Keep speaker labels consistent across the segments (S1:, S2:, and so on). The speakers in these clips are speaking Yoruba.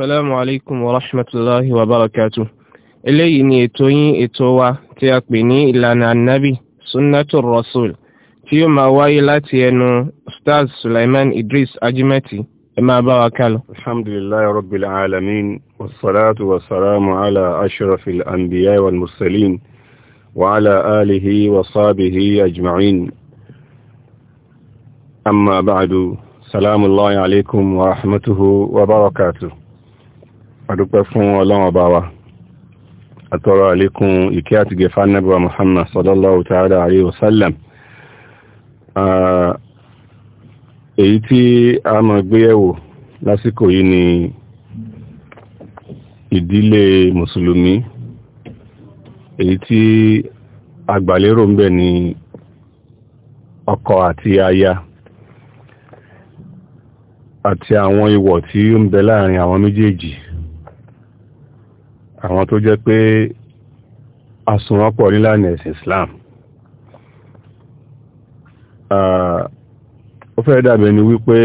S1: السلام عليكم ورحمة الله وبركاته إلي إني توين إتوى تيقبني إلانا النبي سنة الرسول في ما واي لاتينو أستاذ سليمان إدريس أجمتي ما باركال
S2: الحمد لله رب العالمين والصلاة والسلام على أشرف الأنبياء والمرسلين وعلى آله وصحبه أجمعين أما بعد سلام الله عليكم ورحمته وبركاته adúpẹ́ fún ọlọ́run ọba wa àtọrọ àlékún ìkẹ́ àti gẹ̀fà nẹ́bà Muhammad sallallahu ta'ala alayhi wa sallam èyí tí a mọ̀ gbéyẹ̀wò lásìkò yìí ni ìdílé mùsùlùmí èyí tí agbàlérò ń bẹ ni ọkọ àti aya àti àwọn ìwọ̀ tí ó ń bẹ láàrin àwọn méjèèjì àwọn tó jẹ́ pé asùnwọ́pọ̀ nílànà ẹ̀sìn Islam ó fẹ́ dàbẹ̀ ni wípé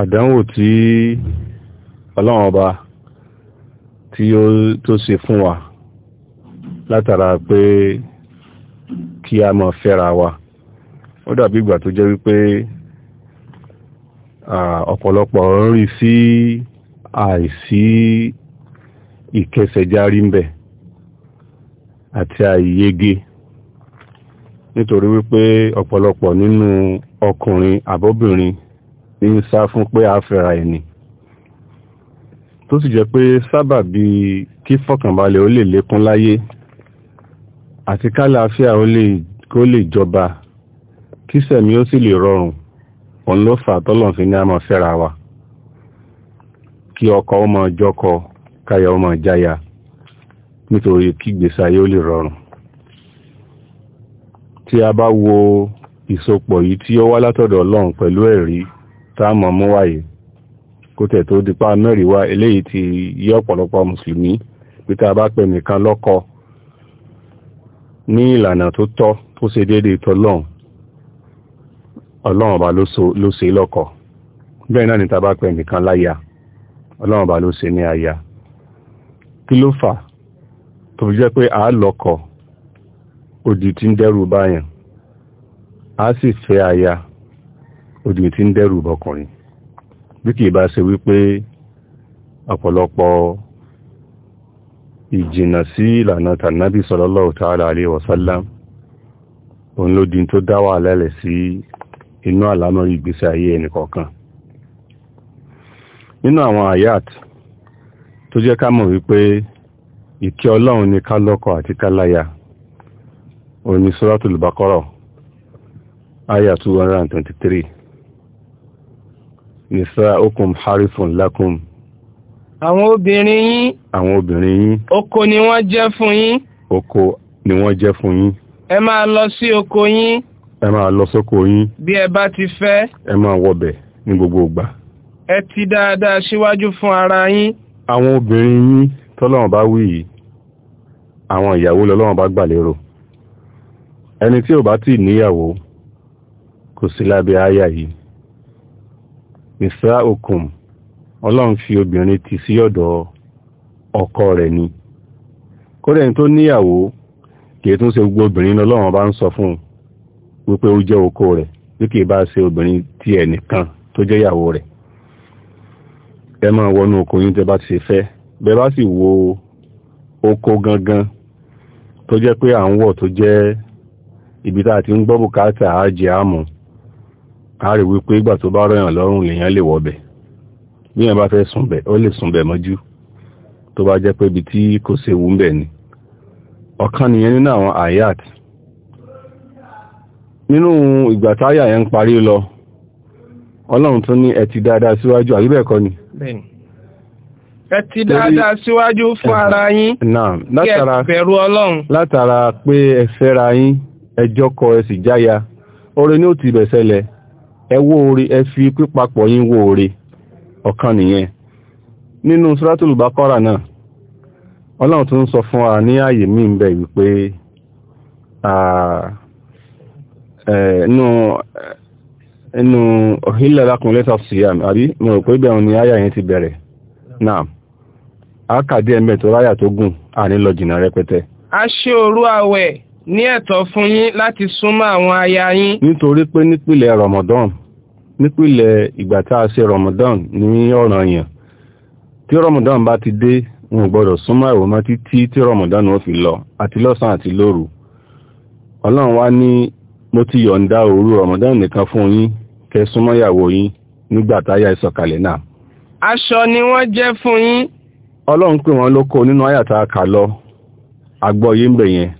S2: àdánwò tí ọlọ́run ọba tí ó tó ṣe fún wa látara pé kí a mọ̀ fẹ́ra wa ó dàbí ìgbà tó jẹ́ wípé ọ̀pọ̀lọpọ̀ rí sí si, àìsí ìkẹsẹ̀járí ń bẹ̀ àti àìyege nítorí wípé ọ̀pọ̀lọpọ̀ nínú ọkùnrin àbọ́bìnrin ní sá fún pé a fẹ́ra ẹni tó sì jẹ́ pé sábàbí kí fọ̀kànbalẹ̀ ó lè lékún láyé àti kálàáfíà kó lè jọba kí sẹ̀mí ó sì lè rọrùn òun ló fà tọ́lọ̀ fi ní a máa fẹ́ra wa kí ọkọ ọmọ jọkọ káyà ọmọ jáyà nítorí kí gbèsè ayé ó lè rọrùn tí a bá wo ìsopọ̀ yìí tí ó wá látọ̀dọ̀ Ọlọ́run pẹ̀lú ẹ̀rí táàmọ̀ mú wáyé kó tẹ̀ tó dípá mẹ́rin wá eléyìí ti yí ọ̀pọ̀lọpọ̀ mùsùlùmí pé tá a bá pè nìkan lọ́kọ ní ìlànà tó tọ́ tó ṣe déédéé tọlọ́run Ọlọ́run ọba ló ṣe lọ́kọ bẹ́ẹ̀ náà ni tá a bá pè nìkan láya ọlọ́run bá ló ní aya kí ló fà tó fi pé a lọ́kọ̀ òdì tí ń dẹ́rù báyàn a sì fẹ́ aya òdì tí ń dẹ́rù bọkùnrin bí kìí bá se wípé ọ̀pọ̀lọpọ̀ ìjìnà sí ìlànà tànàbí sallallahu ta'ala alaihi òun ló di tó dá wà lẹ́lẹ̀ nínú àwọn ayat tó jẹ́ ká mọ̀ wípé ìkẹ́ ọlọ́run ni ká lọ́kọ àti ká láya òní suratul Baqara aya 223 nisaukum harithun lakum
S1: àwọn obìnrin yín
S2: àwọn obìnrin yín
S1: oko ni wọ́n jẹ́ fún yín
S2: oko ni wọ́n jẹ́ fún yín
S1: ẹ máa lọ sí oko yín
S2: ẹ máa lọ sóko yín
S1: bí ẹ bá ti fẹ́
S2: ẹ máa wọbẹ̀ ní gbogbo ìgbà
S1: ẹ ti dáadáa síwájú fún ara yín.
S2: àwọn obìnrin yín tọ́lọ́run bá wí yìí àwọn ìyàwó lọ́lọ́run bá gbà lérò ẹni tí ò bá tí níyàwó kò sí lábẹ́ àyà yìí nìsá okùn ọlọ́run fi obìnrin tì sí ọ̀dọ̀ ọkọ rẹ̀ ni kódà ẹni tó níyàwó kìí tún ṣe gbogbo obìnrin lọ́lọ́run bá ń sọ fún un wípé ó jẹ́ ọkọ rẹ̀ bí kìí bá ṣe obìnrin tí ẹnìkan tó jẹ́ ìyàwó rẹ̀ ẹ máa wọnú oko yín tẹ bá ti ṣe fẹ́ bẹ bá sì wo oko gangan tó jẹ́ pé à ń wọ̀ jẹ́ ibi tá a ti ń gbọ́ bùkátà á jẹ a wípé ìgbà tó bá rọ̀yàn lọ́rùn lèèyàn lè wọ̀bẹ̀ bí yẹn bá fẹ́ sùnbẹ̀ ó lè sùnbẹ̀ mọ́jú tó ibi tí kò ń ni nìyẹn nínú àwọn ayat nínú ìgbà táyà yẹn ń lọ tún ní ẹ ti dáadáa síwájú ni
S1: bẹ́ẹ̀ni ẹ ti dáadáa síwájú fún ara yín kí ẹ bẹ̀rù ọlọ́run
S2: látara pé ẹ fẹ́ra yín ẹ jọkọ ẹ sì jáya oore ní ó ti bẹ̀ ṣẹlẹ̀ ẹ wó oore ẹ fi pípapọ̀ yín wó oore ọ̀kan nìyẹn nínú suratul Baqara náà ọlọ́run tún sọ fún wa ní ààyè mí ń bẹ̀ wípé nínú inú ọ̀hílẹ̀ lákùn lẹ́tà síyàm àbí mo rò pé bẹ̀rún ni áyà yẹn ti bẹ̀rẹ̀ náà ákàdé ẹ̀mẹ́ tó ráyà tó gùn àní lọ jìnà rẹpẹtẹ.
S1: a ṣe òru àwẹ̀ ní ẹ̀tọ́ fún yín láti súnmọ́ àwọn aya yín.
S2: nítorí pé nípìnlẹ̀ Ramadan nípìnlẹ̀ ìgbà tá a ṣe Ramadan ní ọ̀ràn yẹn tí Ramadan bá ti dé wọn gbọ́dọ̀ súnmọ́ ìwọ̀n mọ́ títí tí Ramadan ó fi lọ àti lọ́sàn àti lóru ọlọ́run wá ní mo ti yọ̀ǹda òru Ramadan nìkan fún yín kẹ́ súnmọ́ ìyàwó yín nígbà táyà ìsọ̀kalẹ̀ náà.
S1: aṣọ ni wọ́n jẹ́ fún yín.
S2: ọlọ́run pè wọ́n lóko nínú àyà tá a kà lọ àgbọ̀yé ń bẹ̀ yẹn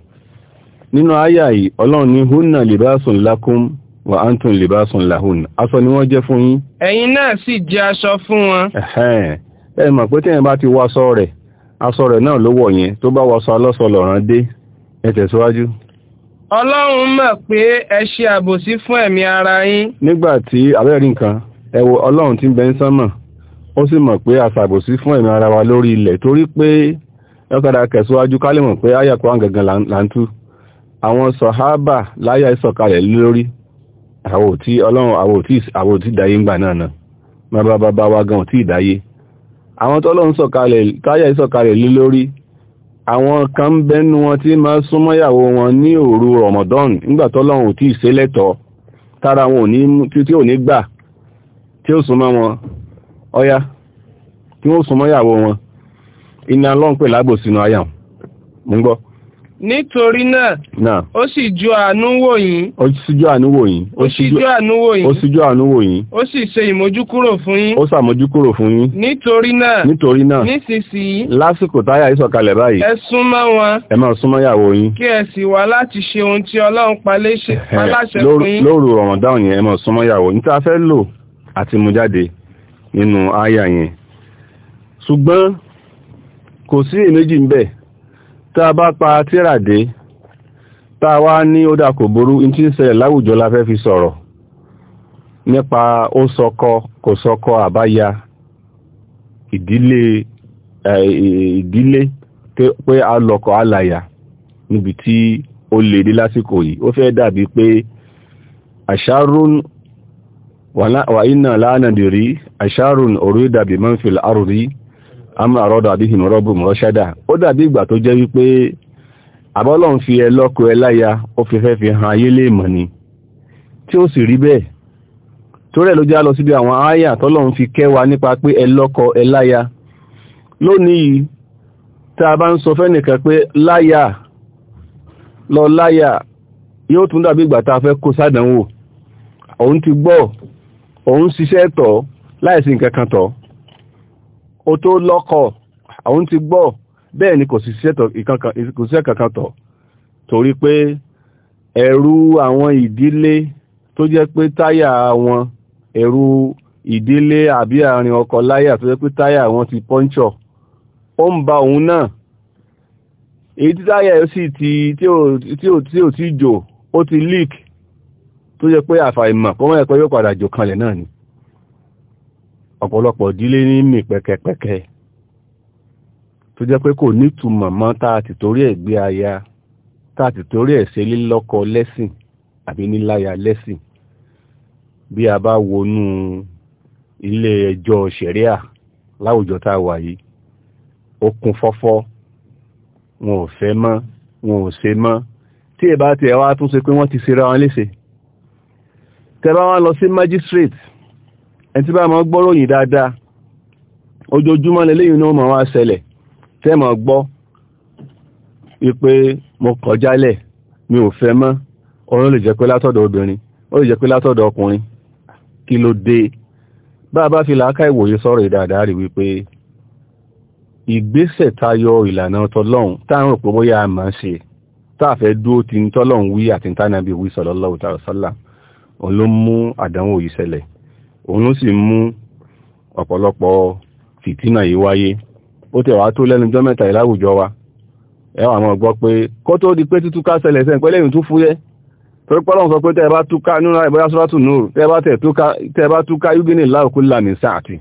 S2: nínú àyà yìí ọlọ́run ní hunna libasun lakum wa antum libasun làhùn, aṣọ ni wọ́n jẹ́ fún yín.
S1: ẹ̀yin náà sì jẹ́ aṣọ fún wọn.
S2: ẹ mọ̀ pé tẹ́yìn bá ti wọ aṣọ rẹ̀ aṣọ rẹ̀ náà ló wọ̀ yẹn tó bá wọ aṣọ alọ́sọ lọ̀rán dé ẹ tẹ̀síwájú.
S1: ọlọ́run mọ̀ pé ẹ ṣe àbòsí fún ẹ̀mí ara yín.
S2: nígbà tí abẹ́rí nǹkan ẹ wo ọlọ́run tí ń bẹ ń sánmà ó sì mọ̀ pé a ṣàbòsí fún ẹ̀mí ara wa lórí ilẹ̀ torí pé ẹ̀kọ́dà kẹ̀síwájú ká lè mọ̀ pé ayàkọ́ àgàngàn làǹtú àwọn sọ̀hábà láyà ìsọ̀kalẹ̀ lórí àwò ọlọ́run àwò tí ìdáyé ń gbà náà náà má bá bá wa gan ò ìdáyé àwọn tọ́lọ́run sọ̀kalẹ̀ táyà ìsọ̀kalẹ̀ lórí àwọn kan ń bẹnu wọn tí máa súnmọ́ wọn ní òru Ramadan nígbà tọ́lọ́run ò tí ì ṣe lẹ́tọ̀ọ́ tára wọn tí ò ní gbà tí ó súnmọ́ wọn ọya tí wọ́n súnmọ́ wọn iná lọ́n pè lágbòsínú ayà
S1: nítorí náà ó sì ju àánú wò yín
S2: ó sì ju àánú wò yín ó sì ju àánú wò yín ó sì ju àánú wò yín
S1: ó sì ṣe ìmójúkúrò fún yín
S2: ó ṣàmójúkúrò fún yín
S1: nítorí náà nítorí náà nísinsìnyí
S2: lásìkò táyà ìsọ̀kalẹ̀ báyìí ẹ
S1: súnmọ́ wọn
S2: ẹ máa súnmọ́ ìyàwó yín
S1: kí ẹ sì wá láti ṣe ohun tí ọlọ́run paláṣẹ fún yín
S2: lóru ọ̀ràn dáhùn yẹn ẹ máa súnmọ́ ìyàwó yín tá a fẹ́ lò àti mú jáde nínú áyà yẹn ṣùgbọ́n kò sí èméjì ń bẹ́ẹ̀ tá a bá pa tíra dé tá a wá ní ó dà kò burú in tí ń ṣẹlẹ̀ láwùjọ la fẹ́ fi sọ̀rọ̀ nípa ó sọkọ kò sọkọ àbáyá ìdílé ìdílé pé a lọ́kọ alàyà níbi tí ó lè dé lásìkò yìí ó fẹ́ dàbí pé àṣàrún wà iná lánàdìrí àṣàrún orí dàbí mọ́fìlì àrùrí àmà àrọ́dọ̀ àbí ìmọ̀rọ́bù mọ̀rọ́ṣádà ó dàbí ìgbà tó jẹ́ wípé àbọ́lọ́n fi ẹ lọ́kọ ó fi fẹ́ fi han ayé lè mọ̀ ni tí ó sì rí bẹ́ẹ̀ tó lọ síbi àwọn fi kẹwàá nípa pé ẹ lọ́kọ lónìí tá a bá ń sọ fẹ́nìkan pé láya lọ láya yóò tún dàbí ìgbà tá a fẹ́ kó sádánwò òun ti gbọ́ òun ṣiṣẹ́ tọ̀ láìsí nǹkan kan o tó lọ́kọ àwọn ti gbọ́ bẹ́ẹ̀ ni kò sí iṣẹ́ kankan tọ̀ torí pé ẹ̀rù àwọn ìdílé tó jẹ́ pé táyà wọn ẹ̀rù ìdílé àbí àárín ọkọ láyà tó jẹ́ pé táyà wọn ti pọ́ńṣọ̀ ó ń ba òun náà èyí tí táyà sì ti tí ò tí jò ó ti leak tó jẹ́ pé àfàìmọ̀ kọ́mọ́ ẹ̀kọ́ yóò padà jò kanlẹ̀ náà ni ọ̀pọ̀lọpọ̀ ìdílé ní mì pẹ́kẹ́pẹ́kẹ́ tó jẹ́ pé kò nítumọ̀ mọ́ tá a ti torí ẹ̀ gbé aya tá a ti torí ẹ̀ ṣe lílọ́kọ lẹ́sìn àbí níláya lẹ́sìn bí a bá wọnú ilé ẹjọ́ ṣẹ̀ríà láwùjọ tá a wà yìí ó kún fọ́fọ́ wọn ò fẹ́ mọ́ wọn ò ṣe mọ́ tí ẹ bá tiẹ̀ wá tún ṣe pé wọ́n ti ṣe ra wọn léṣe tẹ́ bá wọn lọ sí magistrate ẹni tí bá máa gbọ́ròyìn dáadáa ojoojúmọ́ lẹ́lẹ́yìn náà máa wá ṣẹlẹ̀ tẹ́ máa gbọ́ wípé mo kọjálẹ̀ mi ò fẹ́ mọ́ ọ̀rọ̀ lè jẹ́ pé látọ̀dọ̀ obìnrin ó lè jẹ́ pé látọ̀dọ̀ ọkùnrin kí ló dé bá a bá fi làákà ìwòye sọ̀rọ̀ ìdáadáa rí wípé ìgbésẹ̀ tayọ ìlànà tọlọ́hun táwọn òpó bóyá a máa ṣe táàfẹ́ dúó ti ń tọlọ́hun wí àti ń tánàbí wí sallallahu ta'ala òun ló mú àdánwò yìí ṣẹlẹ̀ òun ló sì mú ọ̀pọ̀lọpọ̀ fìtínà yìí wáyé ó tẹ̀wá tó lẹ́nu jọ́ mẹ́ta ìláwùjọ wa ẹ wá máa gbọ́ pé kó tó di pé títúká ṣẹlẹ̀ sẹ́yìn pẹ́lẹ́ ìrìn tún fúyẹ́ torí pọ́lọ́n sọ pé tẹ́ẹ̀bá túká nínú ìbọ́yá sọ́rọ́tù nùrù tẹ́ẹ̀bá túká yúgínì láòkú lámì sáàtì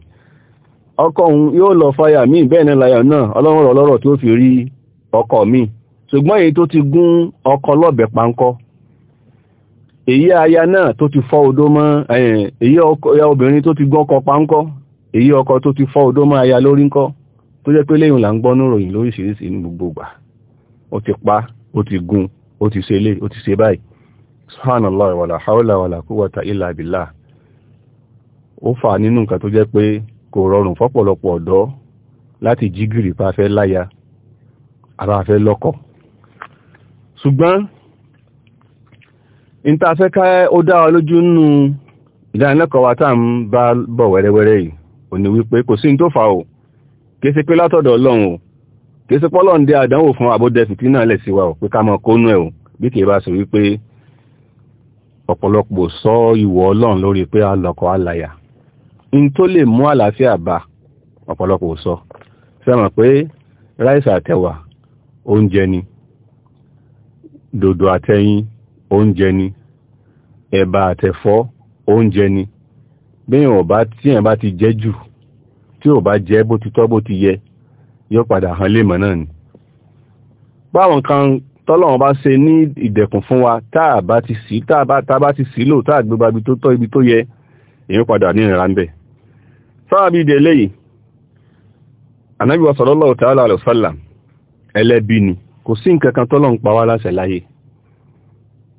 S2: ọkọ̀ òun yóò lọ fàyà míì bẹ́ẹ̀ ní láyà náà ọlọ́run ọlọ́rọ̀ tó fi rí ọkọ̀ míì ṣùgbọ́n èyí tó ti gún ọkọ̀ lọ́bẹ̀ pánkọ́ èyí aya náà tó ti fọ́ odó mọ́ èyí obìnrin tó ti gbọ́kọ páńkọ́ èyí ọkọ tó ti fọ́ odó mọ́ aya lórí ńkọ́ tó jẹ́ pé lẹ́yìn là ń gbọ́ níròyìn lóríṣiríṣi ní gbogbo ìgbà ó ti pa ó ti gun ó ti ṣe lé ó ti ṣe báyìí pa fẹ́ láya ara fẹ́ ṣùgbọ́n ìta fẹ́ ká ó dá wa lójú nínú ìdánilẹ́kọ̀ọ́ wa tá à ń bá bọ̀ wẹ́rẹ́wẹ́rẹ́ yìí ò ní wípé kò sí ní tó fà o kìí ṣe pé látọ̀dọ̀ ọlọ́run o kìí ṣe pọ́lọ́run dé àdánwò fún àbódẹ fìtínà lẹ̀ sí wa o pé ká mọ kónú ẹ̀ o bí kìí bá ṣe wípé ọ̀pọ̀lọpọ̀ sọ ìwọ̀ ọlọ́run lórí pé alọ́kọ̀ alàyà n tó lè mú àlàáfíà bá ọ̀pọ̀lọpọ̀ sọ fẹ́ràn pé ráìsì àtẹwà oúnjẹ ni dòdò àtẹyin oúnjẹ ni ẹ̀bà àtẹ̀fọ́ oúnjẹ ni bẹ́yàn ọ̀bá tí èèyàn bá ti jẹ jù tí ò bá jẹ bó ti tọ́ bó ti yẹ yóò padà hàn lè mọ̀ náà ni báwọn kan tọ́lọ́wọ́n bá ṣe ní ìdẹ̀kùn fún wa táà bá ti sí táà bá ti sí lò táà gbégbá ibi tó tọ́ ibi tó yẹ èèyàn padà ní ìrìnra ń bẹ̀ sáàbí ìdè eléyìí anábíwá sallallahu ta'ala alaihi wasallam ẹlẹ́bí ni kò sí nǹkan kan tọ́lọ́run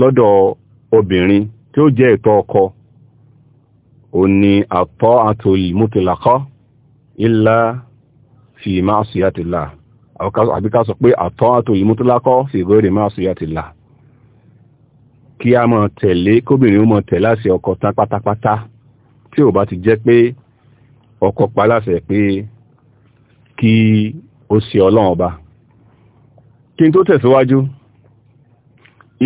S2: lọ́dọ̀ obìnrin tí ó jẹ́ ẹ̀tọ́ ọkọ ò ní àtọ́ àtòlì mútìlákọ́ ilá fi máa síyàtìlá àbí ká sọ pé àtọ́ àtòlì mútìlákọ́ fi gọ́rẹ̀ máa síyàtìlá kí a mọ̀ tẹ̀lé kóbìnrin ó mọ̀ tẹ̀lé àṣẹ ọkọ tán pátápátá tí ò bá ti jẹ́ pé ọkọ paláṣẹ pé kí ó ṣe ọlọ́run ọba kí n tó tẹ̀síwájú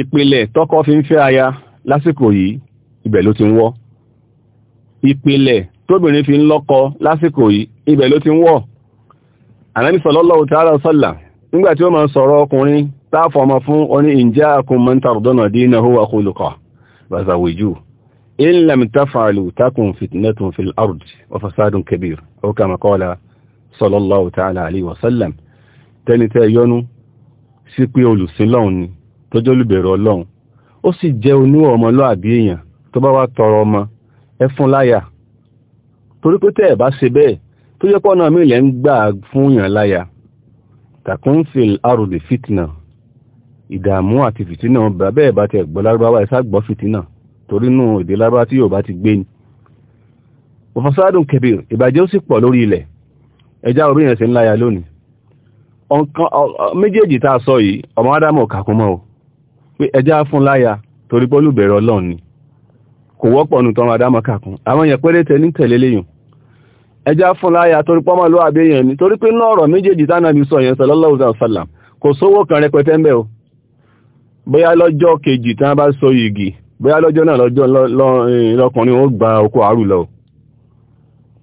S2: ìpìlẹ̀ tọ́kọ fi ń fẹ́ aya lásìkò yìí ibẹ̀ ló ti ń wọ́ ìpìlẹ̀ tóbìnrin fi ń lọ́kọ lásìkò yìí ibẹ̀ ló ti ń wọ́ Ànábì sallallahu ta'ala sọ́là nígbàtí ó máa sọ̀rọ̀ ọkùnrin táàfọ̀ ọmọ fún oní inja'akum man tardawna dinahu wa khuluqahu fazawwijuhu in lam taf'alu takun fitnatun fil ardi wa fasadun kabir aw kama tẹ́ni tẹ́ yọnu sí pé olùsìn ni tọ́jọ́ olùbẹ̀rẹ̀ ọlọ́run ó sì jẹ́ oníwọ̀ ọmọlúàbí èèyàn tó bá wá tọrọ ọmọ ẹ fún láyà torí pé tẹ́ ẹ̀ bá ṣe bẹ́ẹ̀ tó yẹ pọ́nà mi lẹ́ ń gbà fún yàn láyà takunfil arudi fitna ìdààmú àti fìtínà bàbá ẹ̀ bá ti ẹ̀gbọ́ lárúbáwá ẹ̀sá gbọ́ fìtínà torí nù èdè lárúbá tí yóò bá ti gbé ni òfòsádùn kẹbìr ìbàjẹ́ ó sì pọ̀ lórí ilẹ̀ ẹjá obìnrin ṣe ń lónìí méjèèjì tá a sọ yìí ọmọ ádámù kàkúmọ́ o pé ẹjá fún láyà torí bọ́ọ̀lù bẹ̀rẹ̀ ọlọ́run ni kò wọ́pọ̀ nù tọrọ àdámọ́kà kan àwọn yẹn pẹ́rẹ́ tẹ ní tẹ̀lé léyìn ẹjá fún láyà torí pọ́mọ́ ló àbẹ́ yẹn ni torí pé náà ọ̀rọ̀ méjèèjì sọ yẹn kò sówó kan rẹpẹtẹ ń o bóyá lọ́jọ́ kejì tán bá sọ igi bóyá lọ́jọ́ náà lọ́jọ́ eh, lọ́kùnrin ó gba oko àrù lọ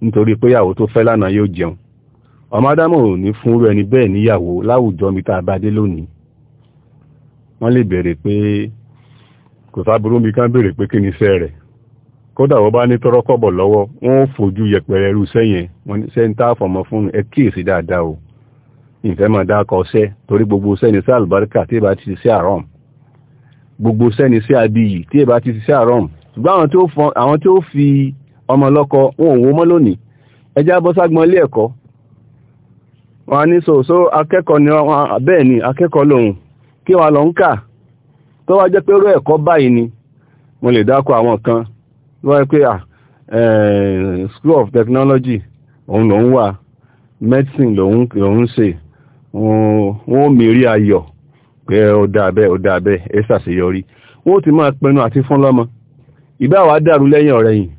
S2: nítorí pé ìyàwó tó fẹ́ lánàá yóò jẹun ọmọ adámọ̀ ò wọ́n lè béèrè pé kò sáburú bí kán béèrè pé kí ni iṣẹ́ rẹ̀ kódà wọ́n bá ní tọrọ kọ́bọ̀ lọ́wọ́ wọ́n ó fojú yẹpẹrẹ irú sẹ́yìn wọn ṣe ń tá àfọ̀mọ́ fún ẹ kíyèsí dáadáa o ìfẹ́ máa dá kọ ṣẹ́ torí gbogbo sẹ́ni sí àlùbáríkà tí ìbá ti ṣe àrọ́m gbogbo sẹ́ni sí abiyì tí ìbá ti ṣe àrọ́m ṣùgbọ́n àwọn tí ó fi ọmọ lọ́kọ wọn ò wó mọ́ lónìí ẹjá bọ́ ságbọ́n ilé ẹ̀kọ́ wọn ní sòsó akẹ́kọ̀ọ́ ni wọn bẹ́ẹ̀ ni akẹ́kọ̀ọ́ lòun kí wọ́n lọ ń kà tó wá jẹ́ pé rú ẹ̀kọ́ báyìí ni mo lè dákọ̀ àwọn kan wọ́n pé eh, school of technology òun lòun wà medicine lòun ń ṣe wọ́n mìírí ayọ̀ pé ó dáabẹ́ ó dáabẹ́ ẹ ṣàṣeyọrí wọ́n ti máa pinnu àti fún lọ́mọ ìbá wa dàrú lẹ́yìn ọ̀rẹ́ yìí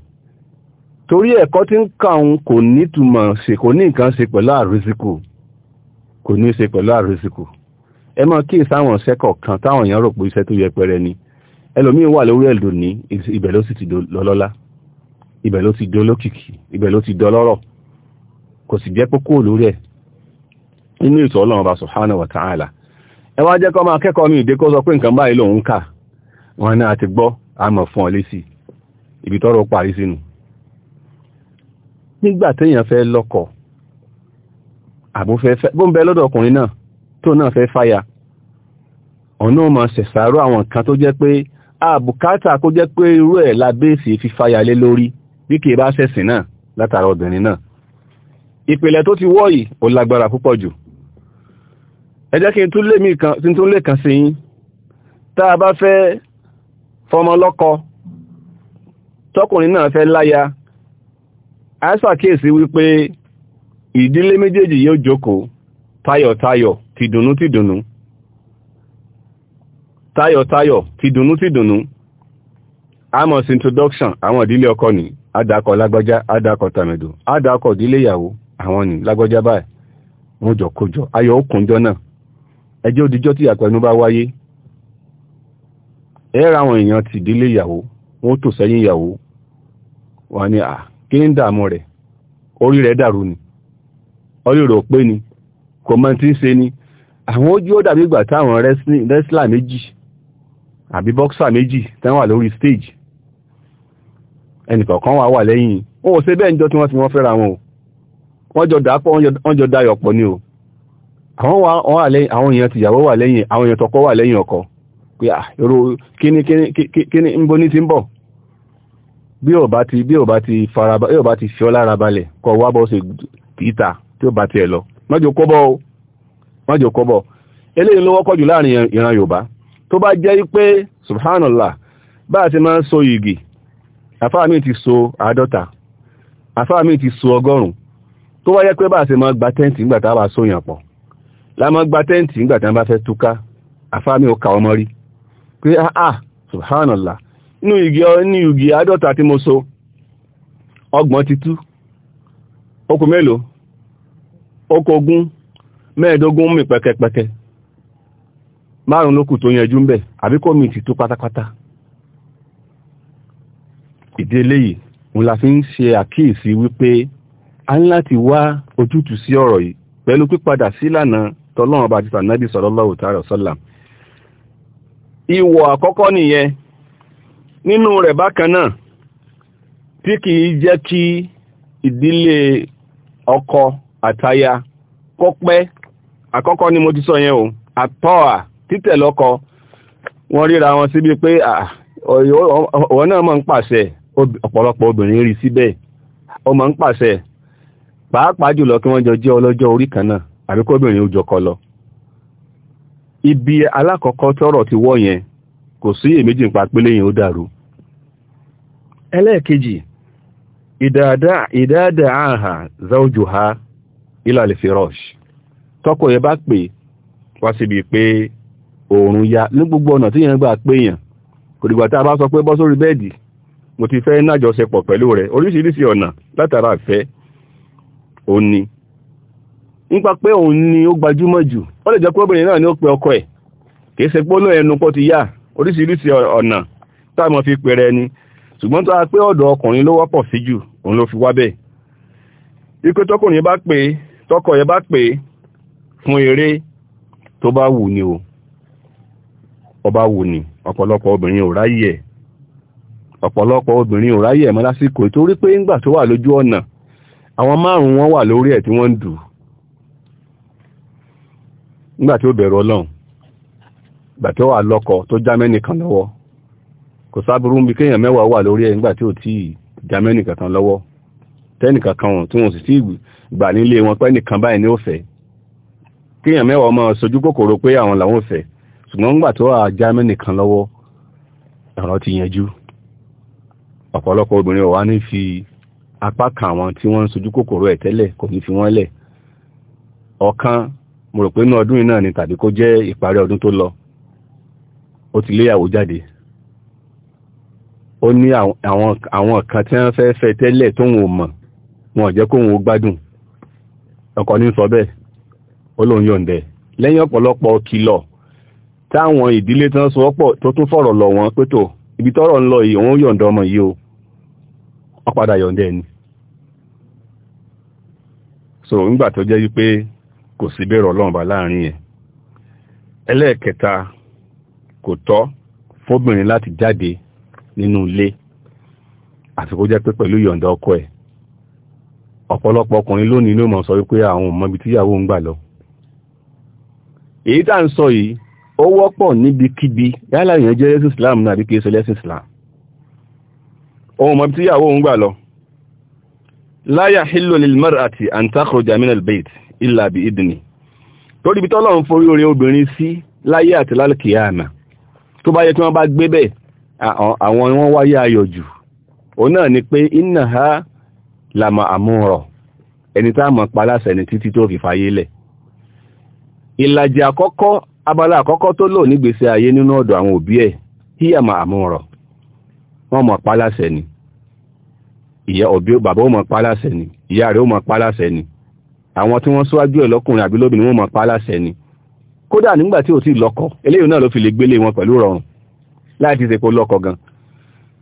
S2: torí ẹ̀kọ́ tí ń kàun kò nítumọ̀ ṣe kò ní nǹkan ṣe pẹ̀lú àrísìkò kò ní ṣe pẹ̀lú àrísìkò ẹ máa kí ìsáwọn iṣẹ́ kọ̀ọ̀kan táwọn èèyàn rò pé iṣẹ́ tó yẹpẹrẹ ni ẹlòmíín wà lórí ẹ̀dùn ní ibẹ̀ ló sì ti lọ́lọ́lá ibẹ̀ ló ti dolókìkí ibẹ̀ ló ti dọlọ́rọ̀ kò sì jẹ́ pé lórí ẹ̀ nínú ìtọ́ ọlọ́run ọba subhanahu wa ta'ala ẹ wá jẹ́ kọ́ máa kẹ́kọ̀ọ́ mi ìdé kó sọ pé nǹkan báyìí lòun kà wọn náà ti gbọ́ àmọ̀ fún ọ lésì ibi tọ́rọ parí sínú nígbà téèyàn fẹ́ lọ́kọ àbúfẹ́fẹ́ bó ń bẹ lọ́dọ̀ ọkùnrin náà tó náà fẹ́ fáyà ọ̀nà ọmọ ṣẹ̀sàárò àwọn nǹkan tó jẹ́ pé àbùkátà kó jẹ́ pé irú ẹ̀ lábẹ́ẹ̀sì fífáyà lé lórí bí kìí bá ṣẹ̀sìn náà látara obìnrin náà ìpìlẹ̀ tó ti wọ́ yìí ó lágbára púpọ̀ jù ẹ jẹ́ kí n tún lè kàn sí yín tá a bá fẹ́ fọmọ lọ́kọ tọkùnrin náà fẹ́ láya a ṣàkíyèsí wípé ìdílé méjèèjì yóò jókòó tayọ̀tayọ̀ tìdùnnú tìdùnnú táyọ̀táyọ̀ tìdùnnú tìdùnnú amos introduction àwọn ìdílé ọkọ ni adakọ̀ lágbájá adakọ̀ tàmẹ̀dù adakọ̀ ìdílé ìyàwó àwọn ni lágbájá báyìí wọ́n jọ kójọ ayọ̀ òkùnjọ náà ẹjẹ́ òdíjọ́ tí àpẹnu bá wáyé ẹ́ra àwọn èèyàn ti dílé ìyàwó wọ́n tò sẹ́yìn ìyàwó wà ní à kí ń dààmú rẹ̀ orí rẹ̀ dàrú ni orí rẹ̀ ò pé ni kò mọ̀ tí ń ṣe ni àwọn ojú ó dàbí ìgbà táwọn wrestler méjì àbí boxer méjì tán wà lórí stage ẹnìkọ̀ọ̀kan wà wà lẹ́yìn wọn ò ṣe bẹ́ẹ̀ níjọ́ tí wọ́n fi wọ́n fẹ́ra wọn o wọ́n jọ dàápọ̀ wọ́n jọ dayọ̀ pọ̀ ni o àwọn wà lẹ́yìn àwọn èèyàn tìyàwó wà lẹ́yìn àwọn èèyàn tọkọ wà lẹ́yìn ọkọ pé àrò kíní kíní ń bóní ti ń bọ̀ bí ò bá ti bí ò bá ti fara bí ò bá ti fi ọ́ lára balẹ̀ kọ wá bọ́ sí títà tí ó bá ti ẹ̀ lọ mọ́jọ kó bọ́ o wọ́n jò kọ́bọ̀ eléyìí ló wọ́pọ̀ jù láàrin ìran yorùbá tó bá jẹ́ pé subhanallah bá ń so igi àfáà mi ti so àádọ́ta àfáà mi ti so ọgọ́rùn tó wáyé pé bá ti máa gba tẹ́ǹtì nígbà tá so yàn pọ̀ gba tẹ́ǹtì nígbà tá a bá fẹ́ túká mi ò ọmọ rí pé ah, ah, igi igi àádọ́ta tí mo so mẹ́ẹ̀dógún mi pẹ́kẹ́pẹ́kẹ́ márùn lókù tó yanjú ń bẹ̀ àbí kò mì ti tó pátápátá ìdílé yìí la fi ń ṣe àkíyèsí wípé a ń láti wá si sí ọ̀rọ̀ yìí pẹ̀lú pípadà sílànà tọ́lọ́run bá ti sànábì sallallahu ta'ala sallam ìwọ̀ àkọ́kọ́ nìyẹn nínú rẹ̀ bákan náà tí kìí jẹ́ kí ìdílé ọkọ àtaya kọ́pẹ́ àkọ́kọ́ ni mo ti sọ yẹn o àtọ́à títẹ̀ lọ́kọ wọ́n ríra wọn síbi pé ọ̀wọ́n náà máa ń pàṣẹ ọ̀pọ̀lọpọ̀ obìnrin rí síbẹ̀ ó máa ń pàṣẹ pàápàá jùlọ kí wọ́n jọ jẹ́ ọlọ́jọ́ orí kan náà àbí kóbìnrin ó jọkọ lọ ibi alákọ̀ọ́kọ́ tọ́rọ̀ ti wọ́ yẹn kò sí èméjì ń pa pélé yẹn ó dàrú ẹlẹ́ẹ̀kejì ìdáadáa àhà záójú ha tọ́kọ yẹn bá pè wá síbi oòrùn ya ní gbogbo ọ̀nà tí yẹn gbà pé yàn kò dìgbà tá a bá sọ pé bọ́ sórí bẹ́ẹ̀dì mo ti fẹ́ nájọṣepọ̀ pẹ̀lú rẹ̀ oríṣiríṣi ọ̀nà látara àfẹ́ òun nípa pé òun ni ó gbajúmọ̀ jù ó lè jẹ́ pé obìnrin náà fi pèrè ẹni ṣùgbọ́n tó a pé ọ̀dọ̀ ọkùnrin ló wọ́pọ̀ fún eré tó bá wù ní o ọba wù ní ọ̀pọ̀lọpọ̀ obìnrin ò ráyè ọ̀pọ̀lọpọ̀ obìnrin ò ráyè mọ́ lásìkò torí pé ńgbà tó wà lójú ọ̀nà àwọn márùn-ún wọn wà lórí ẹ̀ tí wọ́n dù nígbà tí ó bẹ̀rù ọlọ́run gbà tí ó wà lọ́kọ tó já mẹ́nìkan lọ́wọ́ kò sáburú bí kéèyàn mẹ́wàá wà lórí ẹ̀ nígbà tí ò tí já mẹ́nìkan lọ́wọ́ tẹ́nì kan tí wọ́n sì sí gbà nílé wọn pẹ́ nìkan báyìí ní ó kíyàn mẹ́wàá ọmọ sojú kòkòrò pé àwọn làwọn fẹ́ ṣùgbọ́n nígbà tó wà Germany kan lọ́wọ́ ọ̀rọ̀ ti yanjú ọ̀pọ̀lọpọ̀ obìnrin ọ̀wá ní fi apá kan àwọn tí wọ́n ń sojú kòkòrò ẹ̀ tẹ́lẹ̀ kò ní fi wọ́n lẹ̀ ọ̀kan mo rò pé inú ọdún náà ni tàbí kó jẹ́ ìparí ọdún tó lọ ó ti léyàwó jáde ó ní àwọn kan tí wọ́n fẹ́ fẹ́ tẹ́lẹ̀ tóun ò mọ̀ wọn ò jẹ́ kóun ó gbádùn ọkọ ní sọ bẹ́ẹ̀ olóhùn yọ̀ǹdẹ̀ lẹ́yìn ọ̀pọ̀lọpọ̀ kìlọ̀ táwọn ìdílé tán so wọ́pọ̀ tó tún fọ̀rọ̀ lọ wọn pé tó ibi tọ́rọ̀ ń lọ yìí òun ọmọ yìí o wọ́n padà yọ̀ǹdẹ̀ ni so nígbà tó jẹ́ wípé kò sí bẹ̀rọ̀ ọlọ́run bá láàrin yẹn ẹlẹ́ẹ̀kẹta kò tọ́ fóbìnrin láti jáde nínú ilé àti kó jẹ́ pé pẹ̀lú yọ̀ǹda ọkọ ẹ̀ ọ̀pọ̀lọpọ̀ ọkùnrin lónìí ló mọ̀ sọ wípé àwọn ò mọbi tíyàwó ń gbà lọ èyí tá ń sọ yìí ó wọ́pọ̀ níbikíbi yálà èèyàn jẹ́ lẹ́sìn islam náà àbí kìí ṣe lẹ́sìn islam ohun mọ̀ tí yàwó òun gbà lọ la yahillu lil mar'ati an takhruja min al-bayt illa bi idni torí bí tọ́lọ́run forí orin obìnrin sí láyé àti lálùkìyàmà tó bá yẹ kí wọ́n bá gbé bẹ́ẹ̀ àwọn wọ́n wáyé ayọ̀ jù òun náà ni pé inna ha làmà àmúrọ̀ ẹni tá mọ̀ pa láṣẹ ni títí tó fi fayé lẹ̀ ìlàjì àkọ́kọ́ abala àkọ́kọ́ tó lò nígbèsè ayé nínú ọ̀dọ̀ àwọn òbí ẹ̀ híyàmà àmúrọ̀ wọ́n mọ̀ pálásẹ ni ìyá òbí bàbá ó mọ̀ pálásẹ ni ìyá rẹ̀ ó mọ̀ pálásẹ ni àwọn tí wọ́n síwájú ẹ̀ lọ́kùnrin àbí lóbìnrin wọ́n mọ̀ pálásẹ ni kódà nígbà tí ò tí lọ́kọ eléyìí náà ló fi lè gbélé wọn pẹ̀lú rọrùn láti ṣe kó lọ́kọ gan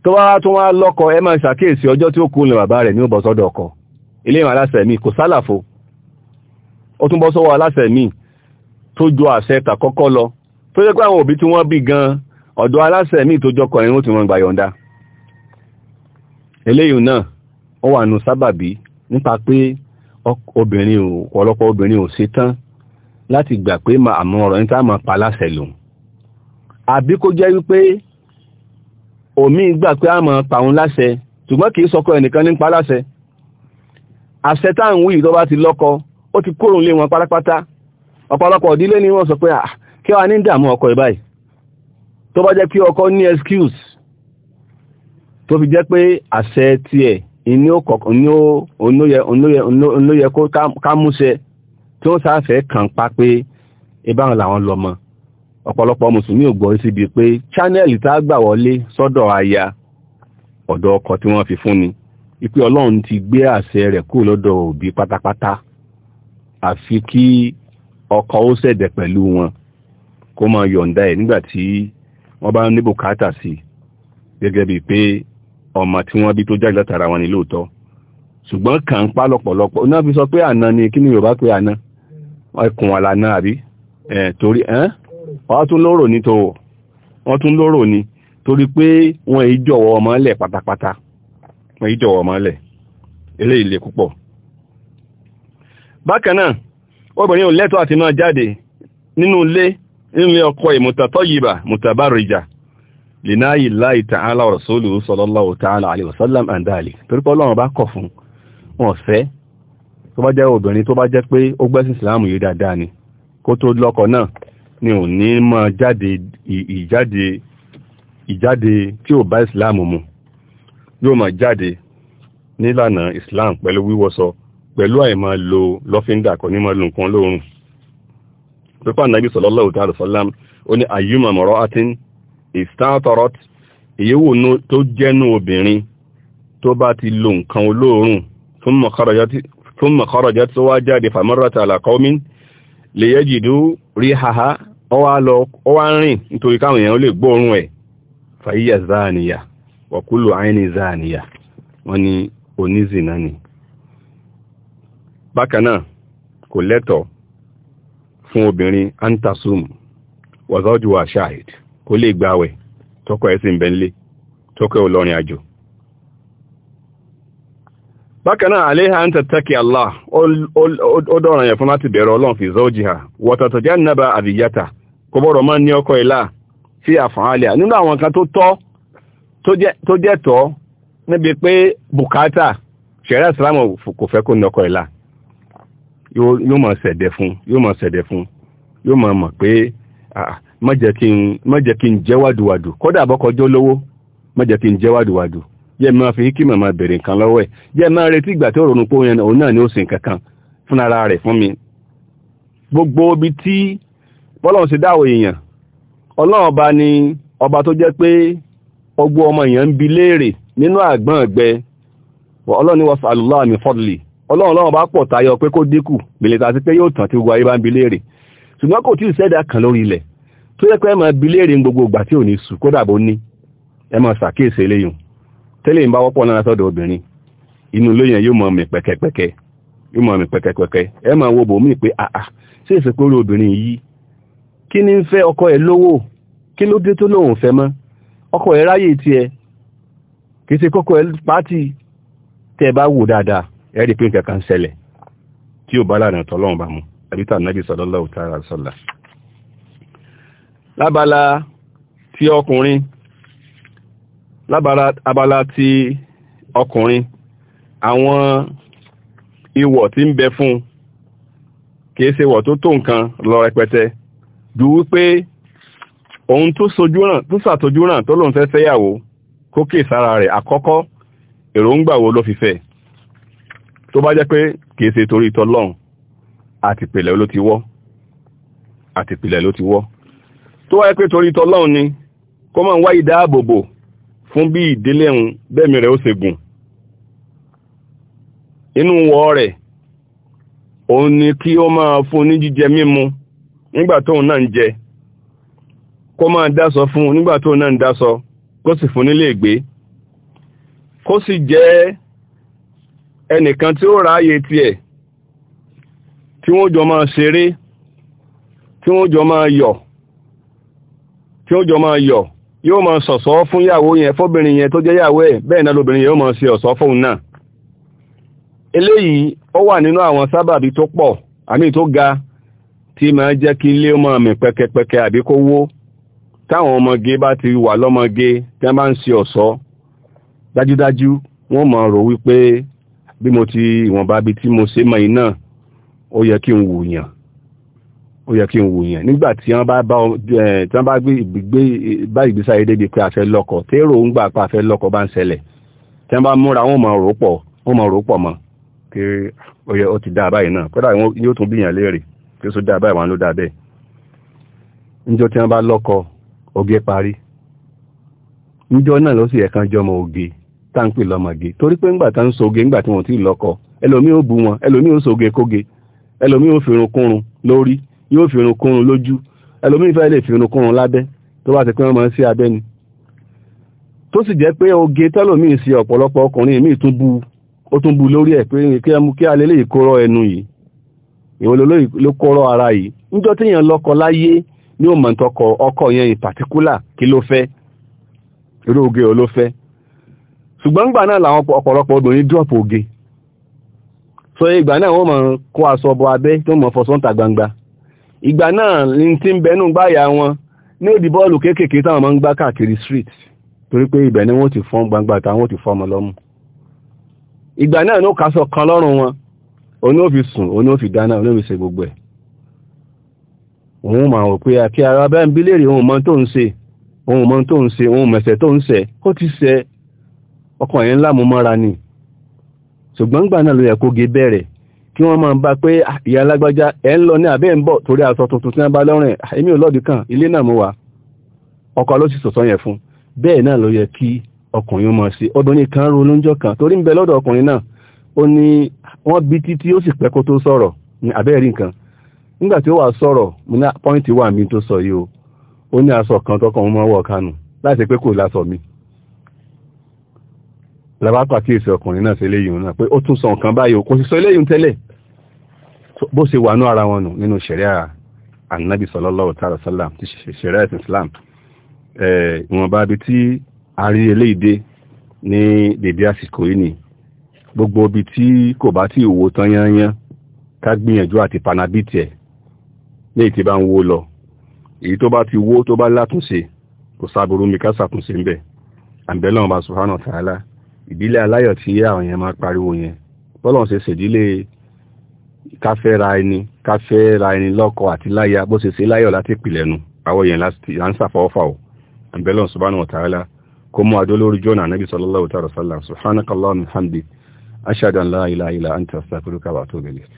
S2: tó wá tó wá lọ́kọ ẹ máa ṣàkíyèsí ọjọ́ tí ó kú ilẹ̀ bàbá rẹ̀ ní ó bọ́ sọ́dọ̀ ọkọ eléyìí aláṣẹ mi kò sálàfo ó tún bọ́ sọ́wọ́ aláṣẹ mi tó jọ àṣẹ tàkọ́kọ́ lọ tó jẹ́ pé àwọn òbí tí wọ́n bí gan ọ̀dọ̀ aláṣẹ míì tó jọkọ̀ irun tí wọ́n gbà yọ̀ǹda eléyìí náà ó wà nù sábàbí nípa pé obìnrin ọ̀pọ̀lọpọ̀ obìnrin ò ṣetán láti gbà pé àmọ́ ọ̀rọ̀ níta máa pa aláṣẹ lòun àbí kó jẹ́ wípé òmí gbà pé àmọ́ pa òun láṣẹ ṣùgbọ́n kì í sọkọ ẹnìkan ní pa àṣẹ táà ń tó bá ti lọ́kọ ó ti kórùn lé wọn pátápátá ọ̀pọ̀lọpọ̀ ìdílé ni wọ́n sọ pé ah, kí wà ní ìdààmú ọkọ ìbáyìí tó bá jẹ́ pé ọkọ ní excuse tó fi jẹ́ pé àṣẹ tiẹ̀ ìní olóyẹ kó kámúṣẹ tí ó sáfẹ́ kàn pa pé ìbáhùn làwọn lọmọ ọ̀pọ̀lọpọ̀ mùsùlùmí ò gbọ́ síbi pé channel tá gbà wọlé sọ́dọ̀ aya ọ̀dọ̀ ọkọ tí wọ́n fi fún ni ipe ọlọ́run ti gbé àṣẹ rẹ̀ kúrò lọ́dọ̀ òbí pátápátá àfi kí ọkọ ó sẹ̀dẹ̀ pẹ̀lú wọn kó yọ yọ̀ǹda ẹ̀ nígbàtí wọ́n bá ní bùkátà sí gẹ́gẹ́ bíi pé ọmọ tí wọ́n bí tó jáde látara wọn ni lóòótọ́ ṣùgbọ́n kà ń pa lọ́pọ̀lọpọ̀ náà fi sọ pé ni kí ni Yorùbá pé ẹkùn wà àbí torí ni tó tún lóró ni torí pé ọmọ obìnrin ò lẹ́tọ́ àti máa jáde nínú ilé nínú ilé ọkọ ìmùtàtọ́ yìí bà mùtàbárò lìnáyì láì tààlà rasulu sallallahu ta'ala alaihi wasallam àndáàlì torípọ́ ọlọ́run bá kọ̀ fún wọn fẹ́ tó bá jẹ́ obìnrin tó bá jẹ́ pé ó gbẹ́sìn ni kó tó lọ́kọ náà ni ò ní máa jáde ìjáde ìjáde tí ò bá ìsìláàmù mu yóò máa jáde pẹ̀lú àìmọ̀ lo lọ́fíńdà kò ní mọ́ lu nǹkan lóòrùn pípa nàbí sallallahu ta'ala sallam ó ní ayyuma mar'atin istatarat ìyẹ́wò tó jẹ́nu obìnrin tó bá ti lo nǹkan olóòrùn thumma kharajat tó wá jáde famarrat ala qawmin liyajidu rihaha ó wá ni bákan náà kò lẹ́tọ̀ fún obìnrin antasum wazọ́jú wa kó lè gbàwẹ̀ tọkọ ẹ̀ sì ń bẹ́ńlé àjò bákan náà aléha ń tàtàkì Allah ó dọ̀rọ̀ yẹn fún láti bẹ̀rẹ̀ ọlọ́run fi zọ́ọ̀jì ha wọ̀tọ̀tọ̀ jẹ́ nàbà àdìyàtà kò bọ́rọ̀ mọ́ ní ọkọ̀ nínú àwọn tó tọ́ tó jẹ́ tọ́ níbi pé bùkátà yóò máa ṣẹ̀dẹ̀ fún yóò máa ṣẹ̀dẹ̀ fún yóò máa mọ̀ pé má jẹ́ kí n jẹ́ wàdùwàdù kódà bọ́kọjọ́ lówó má jẹ́ kí n jẹ́ wàdùwàdù máa fi kí màmá bèrè nǹkan lọ́wọ́ ẹ̀ máa retí ìgbà tó ronú pé náà ni ó sìn kankan fún ara rẹ̀ fún mi gbogbo ibi tí bọ́lọ́run ṣe dáwọ̀ èèyàn ọlọ́run ni ọba tó jẹ́ pé ọgbọ́ ọmọ èèyàn ń bi léèrè nínú àgbọ̀n ọlọ́run lọ́wọ́ bá pọ̀ tayọ pé kó dínkù bèlèta sí pé yóò tàn tí gbogbo ayé bá ń bi léèrè ṣùgbọ́n kò tí ì sẹ́dá kan ilẹ̀ tó yẹ pé gbogbo ìgbà tí ò ní sùn ní ṣàkíyèsí tẹ́lẹ̀ ń bá wọ́pọ̀ náà sọ́dọ̀ obìnrin inú lóyìn yóò mọ̀ mí pẹ̀kẹ́pẹ̀kẹ́ yóò mọ̀ mí pẹ̀kẹ́pẹ̀kẹ́ pé àà ṣé èsì pé ọkọ ẹ̀ lówó kí ló dé ọkọ ẹ̀ ráyè tiẹ̀ kì í ẹ̀rí pé nǹkan kan ṣẹlẹ̀ tí ò bá lànà tọ́lọ́run bá mu àbítà nàbì sallallahu ta'ala alaihi wasallam lábala ti ọkùnrin lábala abala ti ọkùnrin àwọn ìwọ̀ tí ń bẹ fún kìí ṣe wọ̀ tó tó nǹkan lọ rẹpẹtẹ ju wípé ohun tó sojú ràn tó ṣàtọ́jú lóun fẹ́ fẹ́yàwó kó sára rẹ̀ àkọ́kọ́ èròǹgbà wo ló fi fẹ́ tó bá jẹ́ pé kìí ṣe torí tọlọ́run àtìpìlẹ̀ ló ti wọ́ ló ti wọ́ tó wáyé pé torí ni kó ma ń wá fún bí ìdílé òun bẹ́ẹ̀mí rẹ̀ ó se gùn inú rẹ̀ ni kí ó máa fún ní jíjẹ mímu nígbà tóun náà ń jẹ kó máa dáṣọ fún nígbà tóun náà ń dáṣọ kó sì fún nílé ìgbé kó ẹnìkan tí ó ráyè tiẹ̀ tí wọ́n jọ máa ṣeré tí wọ́n jọ máa yọ̀ tí wọ́n jọ máa yọ̀ yóò máa sọ̀sọ́ fún yàwó yẹn fóbìnrin yẹn tó jẹ́ yàwó ẹ̀ bẹ́ẹ̀ náà lóbìnrin yóò máa ṣe ọ̀sọ́ fóun náà eléyìí ó wà nínú àwọn sábàbí tó pọ̀ àmì tó ga tí máa jẹ́ kí ilé ọmọ mi pẹkẹpẹkẹ àbí kó wó táwọn ọmọge bá ti wà lọ́mọge tí wọ́n bá ń ṣe ọ̀sọ́ dájúdájú wọ́n máa rò wípé bí mo ti ìwọ̀nba bí tí mo ṣe mọ̀ iná ó yẹ kí n wòyàn ó yẹ kí n wòyàn nígbà tí wọ́n bá bá tí wọ́n bá gbé bá ìgbésà yìí débi pé àfẹ́ lọ́kọ térò ń gbà pa àfẹ́ lọ́kọ bá ń ṣẹlẹ̀ tí wọ́n bá múra wọn mọ̀ rò pọ̀ wọn mọ̀ rò pọ̀ mọ́ pé ó yẹ ó ti dá báyìí náà kódà yóò tún bíyàn léèrè pé ó dá báyìí wọn ló dá bẹ́ẹ̀ níjọ́ tí wọ́n bá lọ́kọ oge parí níjọ́ náà ló sì ẹ̀kan jọmọ oge tá ń pè torí pé ńgbà tá ń soge ńgbà tí wọ́n ti lọkọ ẹlòmíì ó bu wọn ó soge kóge ẹlòmíì ó fìrun kúrun lórí yóò fìrun kúrun lójú ẹlòmíì fẹ́ lè fìrun kúrun lábẹ́ tó bá ti pẹ́ ọmọ sí abẹ́ ni tó sì jẹ́ pé oge tẹ́lòmíì sí ọ̀pọ̀lọpọ̀ ọkùnrin mi tún bu ó tún bu lórí ẹ̀ pé kí ẹ mú kí alẹ́ lè kóró ẹnu yìí ló kóró ara yìí téèyàn láyé ní òmọ̀ntọkọ ọkọ yẹn in particular kí ló fẹ́ ṣùgbọ́n gbà náà làwọn ọ̀pọ̀lọpọ̀ obìnrin drop oge so ìgbà náà wọ́n mọ̀ kó aṣọ ọbọ̀ abẹ́ tó mọ̀ fọ́sọ́ǹtà gbangba ìgbà náà ní tí ń bẹnu gbáyà wọn ní òdì bọ́ọ̀lù kéékèèké táwọn ń gbá street torí pé ibẹ̀ ni wọ́n ti fọ́n gbangba àtàwọn ti lọ́mù ìgbà náà ní kan lọ́rùn wọn oní ó fi sùn oní ó fi dáná oní ó fi ṣe gbogbo ẹ̀ òun òun tó mọ ọkàn yẹn ńlá mú mọ́ra ni ṣùgbọ́n gbà náà ló yẹ kó gé bẹ̀rẹ̀ kí wọ́n máa bá pé ah, ìyá alágbájá ẹ̀ ń lọ ní àbẹ́ torí aṣọ tuntun tí wọ́n bá lọ́rùn ẹ̀ èmi kan ilé náà mú wa ọkọ ló yẹn fún bẹ́ẹ̀ náà ló yẹ kí ọkùnrin mọ̀ sí kan kan torí ń bẹ lọ́dọ̀ ọkùnrin náà ó ní wọ́n bí títí ó sì pẹ́ kó tó sọ̀rọ̀ ní rí nǹkan nígbà tí ó wà sọ̀rọ̀ mo ní pọ́ìntì wà mí tó sọ yìí ó ní aṣọ kan tọkàn wọ̀ mi labata kíyèsí ọkùnrin náà sí eléyìí náà pé ó tún sọ nǹkan báyìí kò sì sọ eléyìí tẹ́lẹ̀ bó ṣe wà ní ara wọn nù nínú ṣẹ̀ríà annabi sallallahu ta'ala sallam ti ṣẹ̀ríà ẹ̀sìn islam ìwọ̀nba ibi tí a rí eléyìí ní dèdè àsìkò yìí ni gbogbo ibi tí kò bá tí ìwò tán yányán ká gbìyànjú àti panabiti ẹ̀ ní èyí tí bá ń wó lọ èyí tó bá ti wó tó bá látúnṣe kò sáburú mi ká sàtúnṣe ń bẹ̀ àbẹ́lọ́wọ̀n bá subhanahu wa ta'ala ìdílé aláyọ̀ tí àwọn èèyàn máa pariwo yẹn bọ́lọ̀n ṣe ṣèdílé káfẹ́ ra ẹni káfẹ́ ra ẹni lọ́kọ àti láya bó ṣe ṣe láyọ̀ láti pìlẹ̀ nu àwọn èèyàn láti à ń ṣàfọwọ́fà o àbẹ́lọ̀n subhanahu wa ta'ala kó mú adó lórí jọ́nà anábì sallallahu ta'ala sallam subhanakallahumma hamdi ashhadu an la ilaha illa anta astaghfiruka wa atubu ilayk